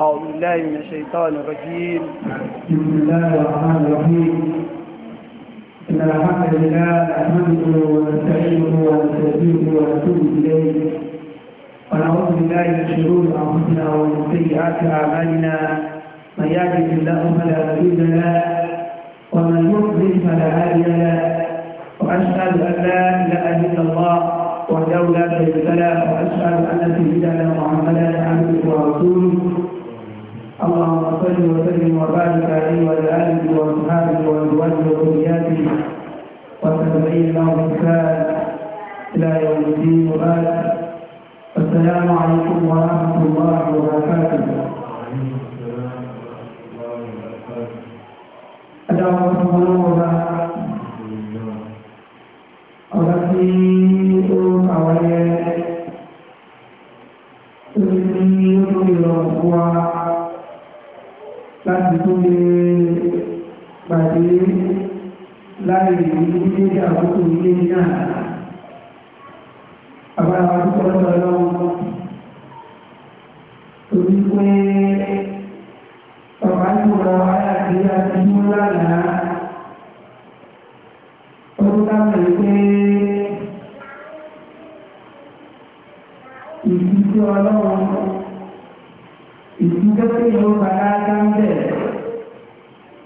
أعوذ بالله من الشيطان الرجيم بسم الله الرحمن الرحيم إن الحمد لله نحمده ونستعينه ونستهديه ونتوب إليه ونعوذ بالله من شرور أنفسنا ومن سيئات أعمالنا من يهده الله فلا مضل له ومن يضلل فلا هادي له وأشهد أن لا إله إلا الله وحده لا شريك له وأشهد أن سيدنا عليه وعلى آله وأصحابه وأزواجه وذرياته وتابعين لهم إحسان إلى يوم الدين وبعد السلام عليكم ورحمة الله وبركاته. Adáwọn ọmọ ọlọ́wọ́ láàrin ìlú ilé àkókò ilé náà àbára àkókò lọ́dọ̀ lọ́wọ́ torí pé bàbá ìgbòrò ayàtí àti mú lánàá ọdún láwọn pé ìdíjọ́ ọlọ́run ìdíjọ́ tí ó bàlá dáńbẹ̀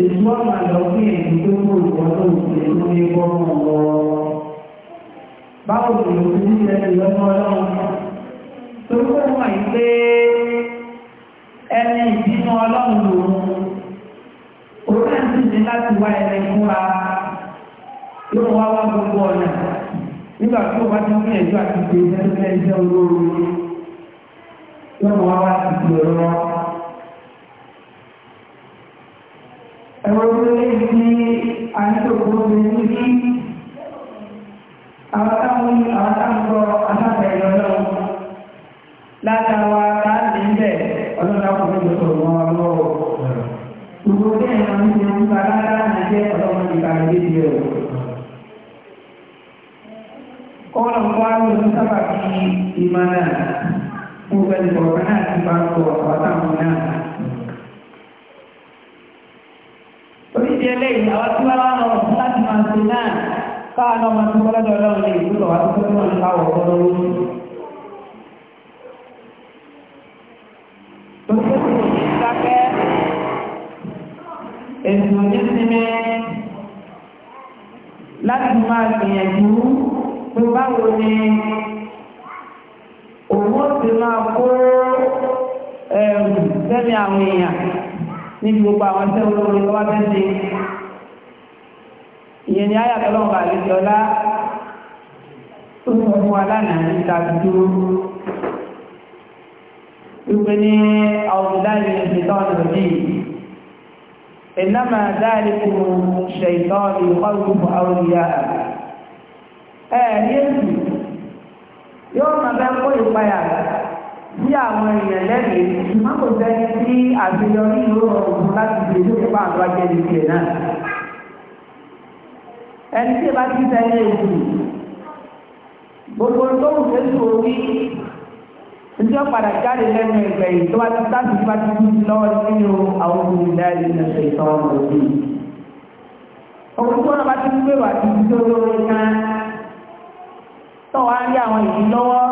ìtumọ̀ máa lọ sí ẹ̀yìn tó kó ìwọ́n tó tó ní gbọ́nà lọ. ọlọ́run? kó yìí pé ẹni ọlọ́run lòun. náà sì ní láti wá ẹni fúnra yóò wá wá gbogbo ọ̀nà. Nígbà tí bá ti ní àti tó fẹ́ yóò wá wá ti gbèrò ẹ̀rọ tó lé ní àyíkòkò obìnrin ní àwọn táwọn àwọn táwọn àtàkẹ̀yọ náà látàwà láti ilẹ̀ ọlọ́dà kò ní ìjọ sọ̀rọ̀ wọn lọ́wọ́ gbogbo ní ẹ̀rọ ní ìjọ ń bá láti jẹ́ ọlọ́wọ́ ìgbà ìdí rẹ̀ kọ́nà ìmọ̀ náà gbogbo ẹ̀dùn kọ̀ọ̀kan náà ti bá ń sọ ọ̀pá di eléyìí àwọn tí wọ́n wọ́n lọ fún láti máa ṣe náà káàánà ọmọ tí wọ́n lọ́dọ̀ ọlọ́run lè ìgbúkọ̀ wá tó tó wọ́n káwọ̀ ọ̀rọ̀ ni òun ó ti máa kó àwọn èèyàn níbi gbogbo àwọn tẹ́ olóore tó wá fẹ́ ṣe ìyẹn ni ayàtọ̀ lọ́wọ́ bá lè jọlá tó sọ fún wa lánàá níta dúró wípé ní àwọn ìdáyé ìṣètọ́ ọ̀nà yìí إنما ذلك الشيطان يخوف أولياءه آه يوم ما بقول القيامة sí àwọn èèyàn lẹ́yìn ṣùgbọ́n kò sẹ́ni tí àṣeyọrí yóò rọrùn fún láti ṣe tó nípa àwọn ajẹ́ni tiẹ̀ náà. ẹni tí ìbá ti sẹ́ni èkó gbogbo tó ń fẹ́ sọ orí ndí ọ padà jáde lẹ́nu ẹgbẹ́ yìí tó bá ti sáàtì bá ti kú sí lọ́wọ́ nínú àwọn ohun ìlà ìlú ẹ̀sẹ̀ ìtọ́wọ́ lòdì. ọkùnrin tó náà bá ti ń gbèrò àti ìdíjọ́ lórí tó wá rí àwọn ìdí lọ́wọ́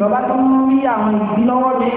lọ́ba tó ń rí àwọn ìdílọ́wọ́ mi